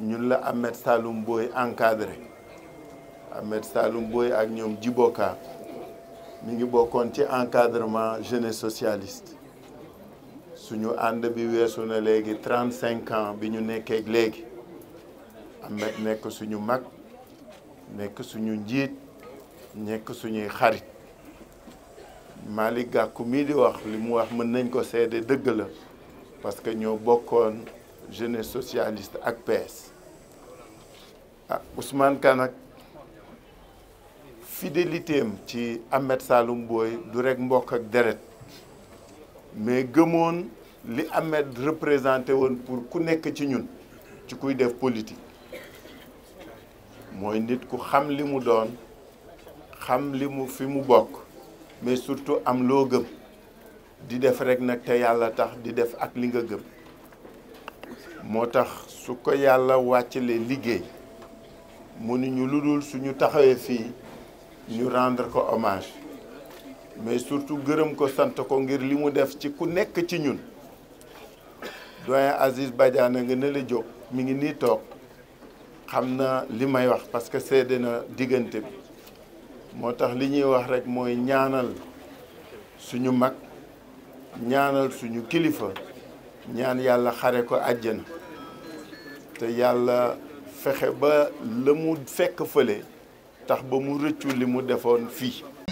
ñun la Ahmed Saloum Boye encadré Ahmed Saloum Boye ak ñoom Djiboka mi ngi bokkoon ci encadrement jeunesse socialiste suñu ànd bi weesu na léegi trente cinq ans bi ñu nekkee léegi Ahmed nekk suñu mag nekk suñu njiit nekk suñuy xarit Malick gàkku mii di wax li mu wax mën nañ ko seede dëgg la parce que ñoo bokkoon jeune socialiste ak PS ah Ousmane Ka nag fidélité am ci Ahmed Saloum booy du rek mbokk ak deret mais gëmoon li Ahmed représenté woon pour ku nekk ci ñun ci kuy def politique mooy nit ku xam li mu doon xam li mu fi mu bokk mais surtout am loo gëm di def rek nag te yàlla tax di def ak li nga gëm moo tax su ko yàlla wàccalee liggéey mu mënuñu lu dul suñu taxawee fii ñu rendre ko hommage mais surtout gërëm ko sant ko ngir li mu def ci ku nekk ci ñun doyen Aziz Badiane nga ne jóg mi ngi nii toog xam na li may wax parce que seede na diggante bi moo tax li ñuy wax rekk mooy ñaanal suñu mag ñaanal suñu kilifa ñaan yàlla xare ko àjjana te yàlla fexe ba la mu fekk fële tax ba mu rëccu li mu defoon fii